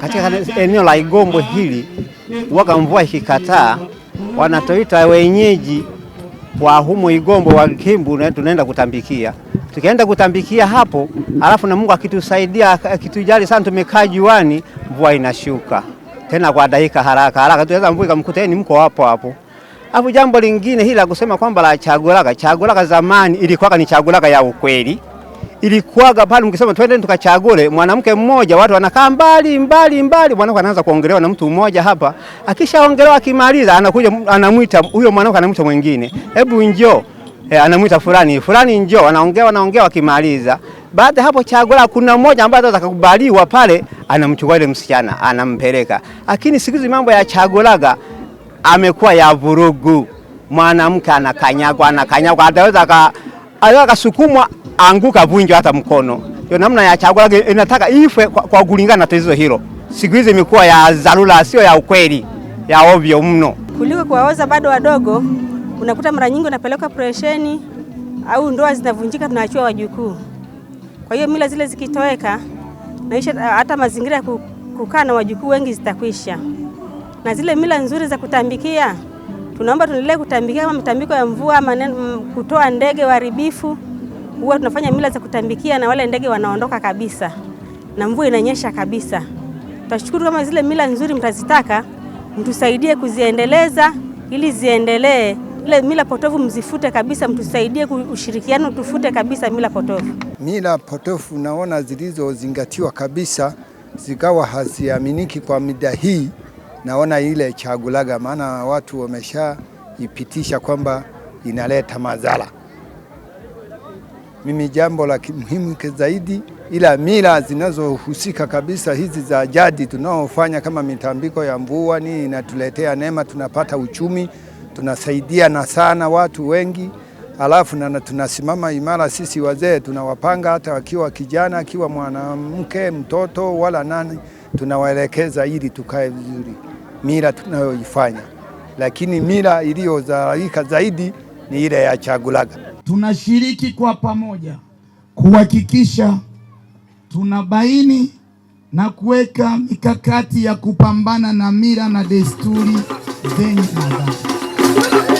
Katika eneo la Igombwe hili waka mvua ikikataa, wanatoita wenyeji wa humo Igombo wa Kimbu, na tunaenda kutambikia. Tukienda kutambikia hapo, alafu na Mungu akitusaidia akitujali sana, tumekaa juani, mvua inashuka tena kwa dakika haraka haraka, tuweza mvuka mkuteni, mko hapo hapo. Hapo jambo lingine hili la kusema kwamba la chagulaka chagulaka, zamani ilikuwa ni chagulaka ya ukweli, ilikuwa pale mkisema twende tukachagule mwanamke mmoja, watu wanakaa mbali mbali mbali, mwanamke anaanza kuongelewa na mtu mmoja hapa, akishaongelewa akimaliza, anakuja anamuita huyo mwanamke, anamuita mwingine, hebu njoo E, eh, anamuita fulani fulani, njoo, anaongea anaongea, akimaliza baada hapo chagula, kuna mmoja ambaye atakubaliwa pale anamchukua ile msichana anampeleka. Lakini siku hizi mambo ya chagulaga amekuwa ya vurugu, mwanamke anakanyagwa, anakanyagwa, ataweza akasukumwa anguka vunjwa hata mkono. Ndio namna ya chagulaga inataka ife kwa, kwa kulingana na tatizo hilo. Siku hizi imekuwa ya dharura, sio ya ukweli, ya ovyo mno kuliko kuwaoza bado wadogo. Unakuta mara nyingi unapeleka presheni au ndoa zinavunjika, tunaachiwa wajukuu. Kwa hiyo mila zile zikitoweka naisha, eh, hata mazingira ya kukaa na wajukuu wengi zitakwisha, na zile mila nzuri za kutambikia tunaomba tuendelee kutambikia kama matambiko ya mvua ama mm, kutoa ndege waharibifu. Huwa tunafanya mila za kutambikia na wale ndege wanaondoka kabisa na mvua inanyesha kabisa. Tashukuru kama zile mila nzuri mtazitaka, mtusaidie kuziendeleza ili ziendelee. Ile mila potofu mzifute kabisa, mtusaidie ushirikiano, tufute kabisa mila potofu. Mila potofu naona zilizozingatiwa kabisa zikawa haziaminiki kwa mida hii, naona ile chagulaga, maana watu wameshaipitisha kwamba inaleta madhara. Mimi jambo la muhimu zaidi, ila mila zinazohusika kabisa hizi za jadi tunaofanya kama mitambiko ya mvua, ni inatuletea neema, tunapata uchumi tunasaidiana sana watu wengi, alafu na tunasimama imara sisi wazee, tunawapanga hata wakiwa kijana, akiwa mwanamke, mtoto wala nani, tunawaelekeza ili tukae vizuri mila tunayoifanya. Lakini mila iliyozalika zaidi ni ile ya Chagulaga. Tunashiriki kwa pamoja kuhakikisha tunabaini na kuweka mikakati ya kupambana na mila na desturi zenye madhara. Thank you.